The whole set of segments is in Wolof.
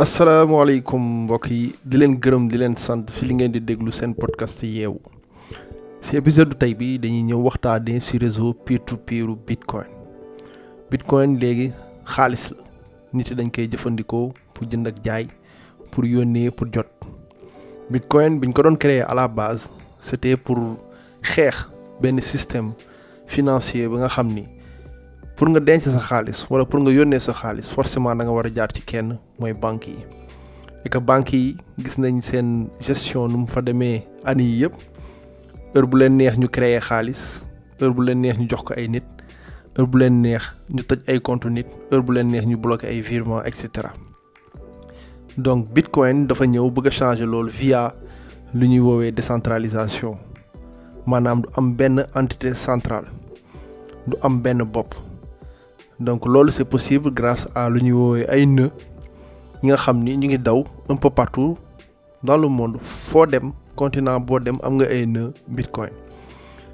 asalaamaaleykum mbokk yi di leen gërëm di leen sant si li ngeen di déglu seen podcast yeewu si épisode tey bi dañuy ñëw waxtaanee si réseau piir to peer bitcoin bitcoin léegi xaalis la nit yi dañ koy jëfandikoo pour jënd ak jaay pour yónnee pour jot bitcoin biñ ko doon créer à la base c'était pour xeex benn système financier ba nga xam ni pour nga denc sa xaalis wala pour nga yónnee sa xaalis forcément da war a jaar ci kenn mooy banque yi et que banque yi gis nañ seen gestion nu mu fa demee année yi yëpp heure bu leen neex ñu créer xaalis heure bu leen neex ñu jox ko ay nit heure bu leen neex ñu tëj ay compte nit heure bu leen neex ñu bloqué ay virement et cetera donc bitcoin dafa ñëw bëgg a changer loolu via lu ñuy woowee décentralisation maanaam du am benn entité central du am benn bopp. donc loolu c'est possible grâce à lu ñuy woowee ay nœud yi nga xam ni ñu ngi daw un peu partout dans le monde foo dem continent boo dem am nga ay nœud bitcoin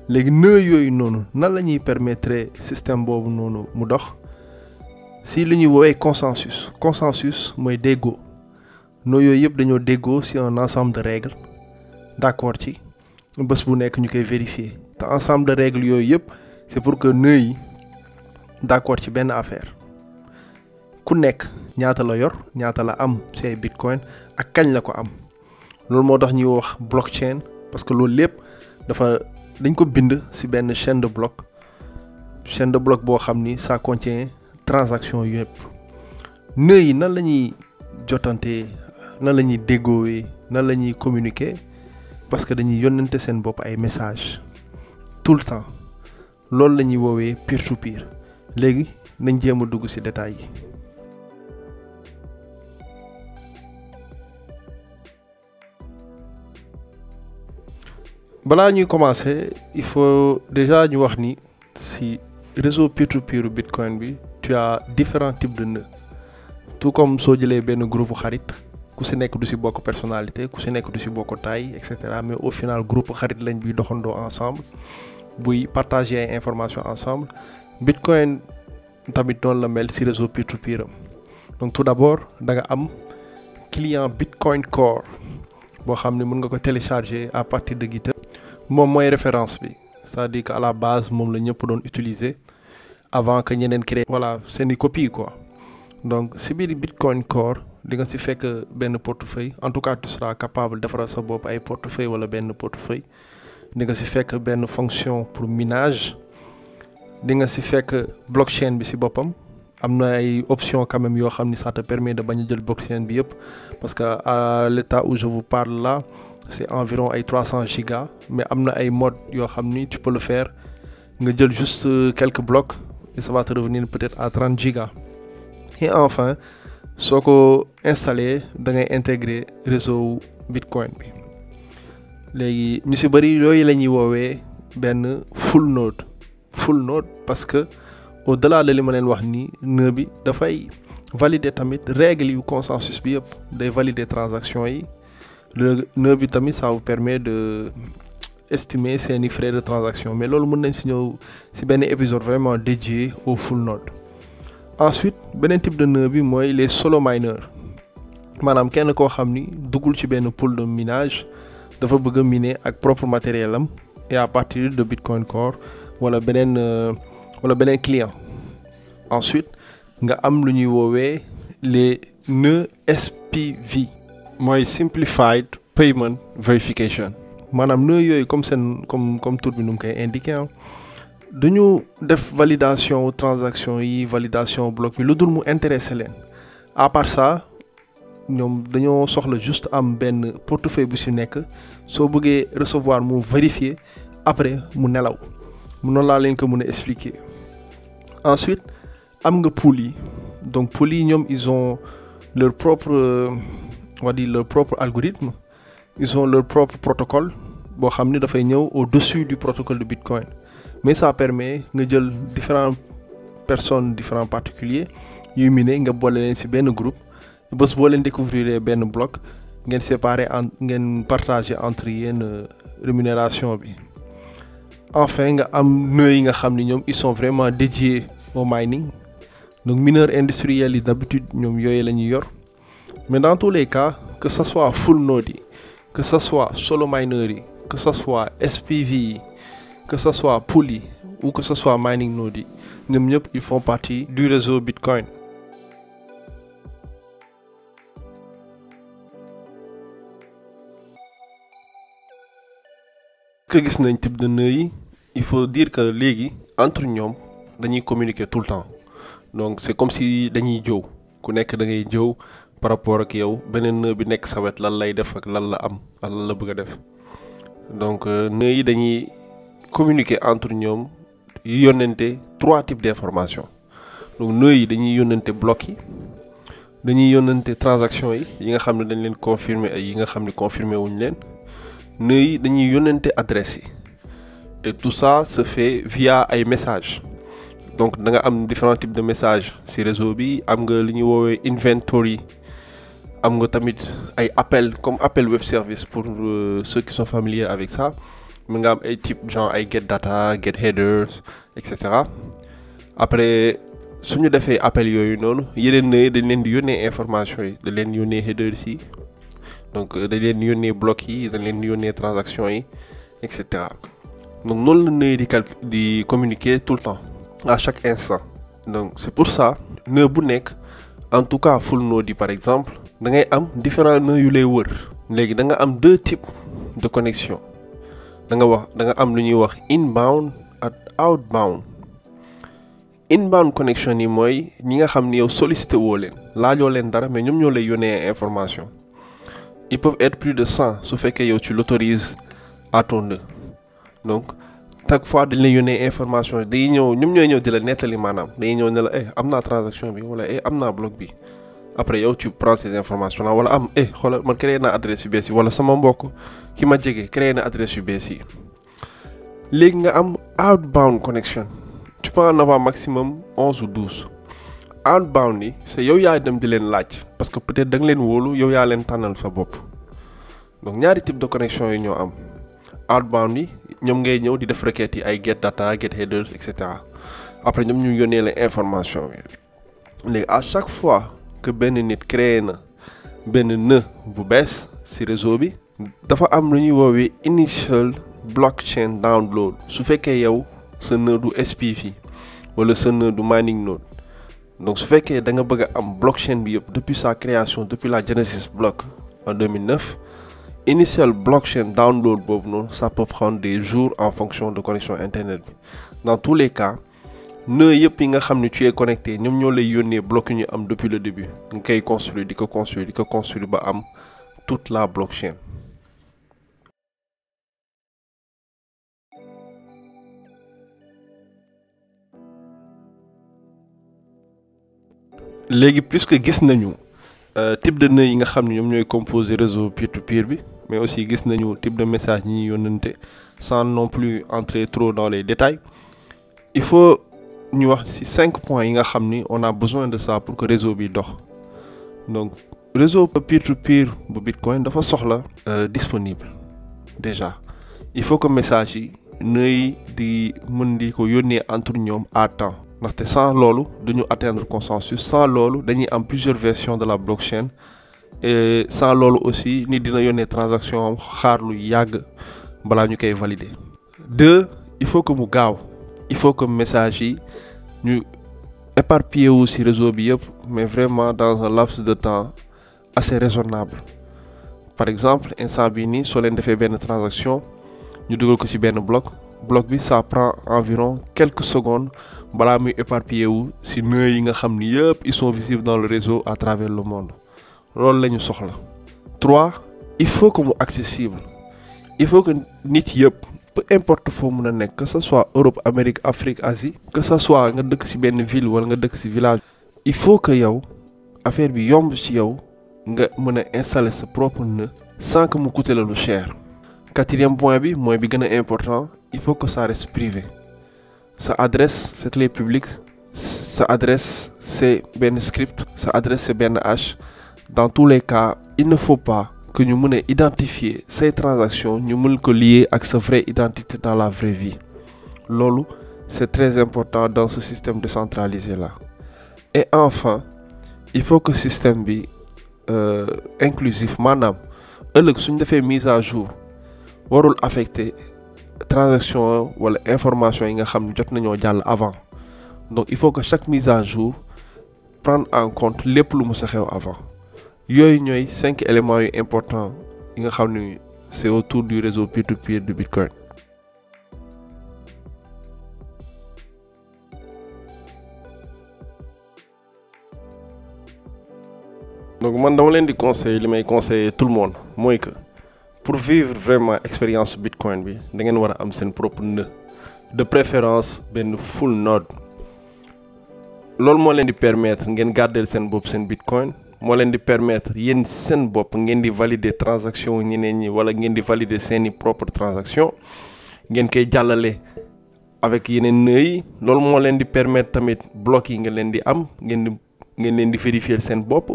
léegi nœud yooyu noonu nan la ñuy permettre système boobu noonu mu dox si lu ñuy woowee consensus consensus mooy déggoo nœud yooyu yëpp dañoo déggoo si en ensemble de règles d'accord ci bés bu nekk ñu koy vérifier te ensemble de règles yooyu yëpp c'est pour que nœud yi. d'accord ci benn affaire ku nekk ñaata la yor ñaata la am say bitcoin ak kañ la ko am loolu moo tax ñuy wax blockchain parce que loolu lépp dafa dañ ko bind si benn chaîne de bloc chaîne de bloc boo xam ni ça contient transaction yëpp nœud yi nan la ñuy jotantee nan la ñuy déggoowee nan la ñuy communiquer parce que dañuy yónnante seen bopp ay message tout le temps loolu la ñuy woowee peer to peer léegi nañ jéem a dugg ci détails yi. balaa ñuy commencer il faut déjà ñu wax ni ci réseau peer-to-peer bitcoin bi tu as différents tout comme soo jëlee benn groupe xarit ku ci nekk du ci bokk personalité ku ci nekk du ci bokk taille et mais au final groupe xarit lañ bi doxandoo ensemble buy partager ay informations ensemble. bitcoin tamit noonu la mel si réseau peer to peer donc tout d'abord da nga am client bitcoin core boo xam ne mën nga ko télécharger à partir de Github moom mooy référence bi c'est-à-dire que à la base moom la ñëpp doon utiliser avant que ñeneen créé voilà seeni copie quoi donc si biir bitcoin core di nga si fekk benn portefeuille en tout cas tu seras capable defaral sa bopp ay portefeuille wala benn portefeuille di nga si fekk benn fonction pour minage di nga si fekk blockchain bi si boppam am na ay options quand yoo xam ni ça te permet de bañ a jël blockchain bi yëpp parce que à l'état où je vous parle là c'est environ ay 300 mais am na ay mode yoo xam ni tu peux le faire nga jël juste euh, quelque blocs et ça va revenir peut-être à 30 gigas et enfin soo ko installé da ngay intégrer réseau bitcoin bi léegi ñu si bëri yooyu lañuy woowee benn full node full node parce que au delà li ma leen wax nii nœud bi dafay valider tamit règle yu consensus bi yëpp day valider transaction yi le bi tamit ça vous permet de estimer seeni frais de transaction mais loolu mën nañ si ñëw si benn épisode vraiment dédié au full node ensuite beneen type de nœud bi mooy les solo mineurs maanaam kenn koo xam ni duggul ci benn pool de minage dafa bëgg a miner ak propre matériel am et à partir de Bitcoin Core wala beneen euh, wala beneen client ensuite nga am lu ñuy woowee les nœuds SPV mooy Simplified Payment Verification maanaam nœud yooyu comme seen comme comme tour bi nu mu koy indiqué du ñu def validation transaction yi validation bloc bi lu dul mu intéressé leen à part ça ñoom dañoo soxla juste am benn portefeuille bu si nekk soo bëggee recevoir mu vérifier après mu nelaw mun noonu laa leen ko mun a expliquer ensuite am nga poules yi donc poules yi ñoom ils ont leur propre on va dire leur propre algorithme ils ont leur propre protocole boo xam ne dafay ñëw au-dessus du protocole de Bitcoin mais ça permet nga jël différentes personnes différents particuliers yuy miner nga boole leen ci benn groupe bés boo leen découvrir benn bloc ngeen séparer en ngeen partager entre yéen euh, rémunération bi enfin nga am nœuds yi nga xam ni ñoom ils sont vraiment dédiés au mining donc mineurs industriels yi d'habitude ñoom yooyu la ñuy yor mais dans tous les cas que ça soit full node yi que ça soit solo mineurs yi que ça soit SPV yi que ça soit pool yi ou que ce soit mining node yi ñoom ñëpp ils font partie du réseau Bitcoin que gis nañ type de nœud yi il faut dire que léegi entre ñoom dañuy communiquer tout le temps donc c'est comme si dañuy jëw ku nekk dangay ngay jëw par rapport ak yow beneen nœud bi nekk sawet wet lan lay def ak lan la am ak lan la bëgg a def donc euh, nœud yi dañuy communiqué entre ñoom yu yónnente trois types d'information donc nœud yi dañuy yónnente bloc yi dañuy yónnante transaction yi yi nga xam ne dañ leen confirmer ay yi nga xam ni confirmer wuñ leen nœuds dañuy yónnente adresse yi et tout ça se fait via ay messages donc da nga am différents types de message ci réseau bi am nga li ñuy woowee inventory am nga tamit ay appel comme appel web service pour euh, ceux qui sont familiers avec ça mi nga am ay type genre ay get data get headers et cetera après su ñu defee appel yooyu noonu yeneen nœuds yi dañ leen di yónnee information yi da leen yónnee headers yi. donc euh, dañ leen yónnee bloc yi dañ leen yónnee transaction yi et cetera donc noonu la nëy di calcul di communiquer tout le temps à chaque instant donc c'est pour ça nœud bu nekk en tout cas full node yi par exemple dangay am différent nœuds yu lay wër léegi da nga am deux types de connexion da nga wax da nga am lu ñuy wax inbound ak outbound inbound connection yi mooy ñi nga xam ni yow sollicité woo leen laajoo leen dara mais ñoom ñoo lay yónnee information il peuvent être plus de cent su fekkee yow ci l'autorises à ton donc chaque fois de dañ lay yónnee information day ñëw ñoom ñooy ñëw di la nettali maanaam dañuy ñëw ne la eh, am naa transaction bi wala eh am naa bloc bi après yow ci prends ces informations là wala am eh xoolal man créé naa adresse yu bees yi wala sama mbokk ki ma jege créé na adresse yu bees yi léegi nga am outbound connexion tu peux en avoir maximum 11 ou 12. outbound yi c'est yow yaa dem di leen laaj parce que peut-être da leen wóolu yow yaa leen tànnal sa bopp donc ñaari type de connexion yi ñoo am outbound yi ñoom ngay ñëw di def requête yi ay get data get headers et cetera après ñoom ñu yónnee la information bi léegi à chaque fois que benn nit créé na benn nœud bu bees ci réseau bi dafa am lu ñuy woowee initial blockchain download su fekkee yow sa nœud du SPV wala sa nœud du mining node donc su fekkee da bëgg am blockchain bi yëpp depuis sa création depuis la Genesis block en 2009 initial blockchain download boobu noonu ça peut prendre des jour en fonction de connexion internet bi dans tous les cas nœud yëpp yi nga xam ne cu es connecté ñoom ñoo lay yónnee bloc ñu am depuis le début nga koy construire di ko construire di ko construire ba am tout la blockchain. léegi que gis nañu euh, type de nœud yi nga xam ne ñoom ñooy composer réseau peer to peer bi mais aussi gis nañu type de message ñi ñuy yónnante sans non plus entrer trop dans les détails il faut ñu wax ci cinq points yi nga xam ni on a besoin de ça pour que réseau bi dox donc réseau peer to peer bu bitcoin dafa soxla euh, disponible déjà il faut que message yi nœud yi di mën di ko yónnee entre ñoom à temps ndaxte sans loolu du ñu atteindre consensus sans loolu dañuy am plusieurs versions de la blockchain et sans loolu aussi nit dina yónnee transaction am xaar lu yàgg balaa ñu koy valider. deux il faut que mu gaaw il faut que message yi ñu éparpillé wu ci réseau bi yëpp mais vraiment dans un laps de temps assez raisonnable par exemple instant bii nii soo leen defee benn transaction ñu dugal ko ci benn bloc. bloc bi ça prend environ quelques secondes balaa muy éparpillé wu ci nœud yi nga xam ni yëpp ils sont visibles dans le réseau à travers le monde loolu la ñu soxla. trois il faut que mu accessible il faut que nit yëpp peu importe foo mun a nekk que ce soit Europe Amérique Afrique Asie que ce soit nga dëkk ci benn ville wala nga dëkk ci village. il faut que yow affaire bi yomb ci yow nga mën a installer sa propre nœud sans que mu coûte la lu cher. quatrième point bi mooy bi gën a important il faut que ça reste privé sa adresse c'est clé publique sa adresse c'est benn script sa adresse c'est benn hash dans tous les cas il ne faut pas que ñu mën a identifier say transactions ñu mën ko lier ak sa vraie identité dans la vraie vie loolu c'est très important dans ce système de décentralisé là et enfin il faut que système bi euh, inclusif maanaam ëllëg suñ defee mise à jour warul affecté transaction wala information yi nga xam ne jot nañoo jàll avant donc il faut que chaque mise à jour prendre en compte lépp lu mu sa xew avant yooyu ñooy cinq éléments yu important yi nga xam ne c'est autour du réseau peer-to-peer du Bitcoin. donc man dama leen di conseiller li may conseiller tout le monde mooy que. pour vivre vraiment expérience bitcoin bi dangeen war a am seen propre nœud de préférence benn full node loolu moo leen di permettre ngeen garder seen bopp seen bitcoin moo leen di permettre yéen seen bopp ngeen di valider transaction ñeneen ñi wala ngeen di valider seeni propre transaction ngeen koy jàllale avec yeneen nœud yi loolu moo leen di permettre tamit bloc yi nga leen di am ngeen di ngeen leen di vérifier seen bopp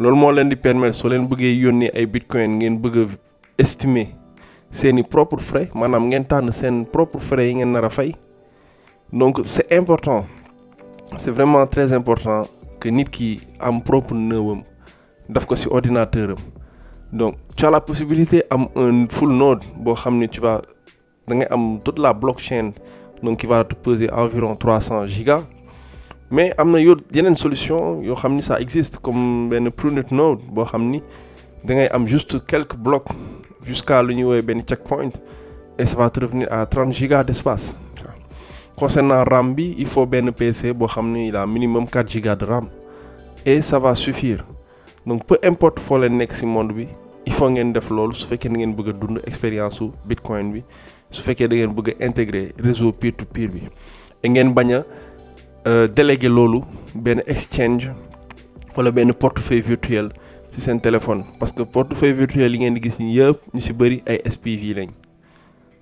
loolu moo leen di permettre soo leen bëggee yónnee ay bitcoin ngeen bëgga a estimer seen i propre frais maanaam ngeen tànn seen propre frais yi ngeen nar a fay donc c' est important c' est vraiment très important que nit ki am propre nëwam daf ko si ordinateur am donc tu as la possibilité am un full node boo xam ne tu vas da ngay am toute la blockchain donc qui va te peser environ trois cent gigas mais am na yoo yeneen solution yoo xam ni ça existe comme benn prunet node boo xam ni da ngay am juste quelques blocs jusqu'à lu ñuy woowee benn checkpoint et ça va te revenir à 30 gigas d'espace concernant RAM bi il faut benn PC boo xam ni il a minimum 4 gigas de RAM et ça va suffire donc peu importe foo leen nekk ci monde bi il faut ngeen def loolu su fekkee da ngeen bëgg a dund expérience su Bitcoin bi su fekkee da ngeen bëgg a réseau peer to peer bi et ngeen bañ a Euh, délégué loolu benn exchange wala benn portefeuille virtuel ci seen téléphone parce que portefeuille virtuel yi ngeen di gis nii yëpp ñu si bëri ay SPV lañ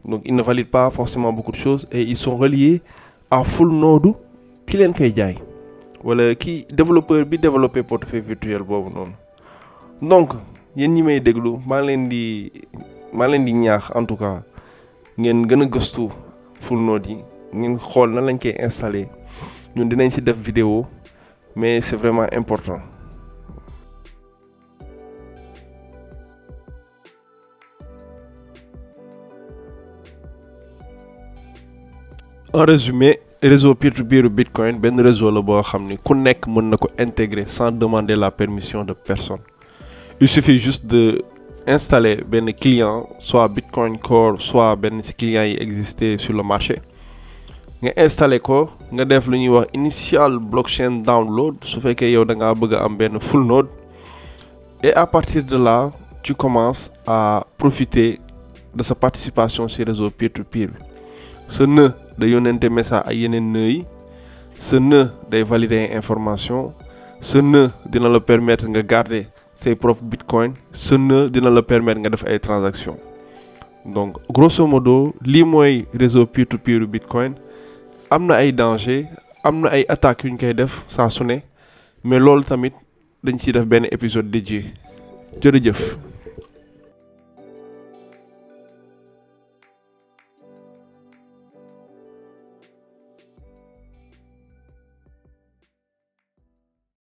donc ils ne valident pas forcément beaucoup de choses et ils sont reliés à full node ki leen koy jaay wala ki développeur bi développé portefeuille virtuel boobu noonu donc yéen ñi may déglu maa leen di maa leen di ñaax en tout cas ngeen gën a gëstu full node yi ngeen xool nan lañ koy installer. ñun dinañ ci def vidéo mais c'est vraiment important en résumé réseau peer-to-peer bitcoin benn réseau la boo xam ni ku nekk mën na ko intégrer sans demander la permission de personne il suffit juste de installer benn client soit bitcoin core soit benn ci client yi existé sur le marché nga installé ko nga def lu ñuy wax initial blockchain download su fekkee yow da ngaa bëgg am benn full node et à partir de là ci commence à profiter de sa participation ci réseau peer to peer bi sa nœud day yónnente message ak yeneen nœud yi sa nœud day valider information sa nœud dina la permettre nga garder say propres bitcoin sa nœud dina la permettre nga def ay transactions donc grosso modo lii mooy réseau peer to peer bitcoin am na ay danger am na ay attaques yu ñu koy def saa su ne mais loolu tamit dañ ciy def benn épisode dédié jërëjëf.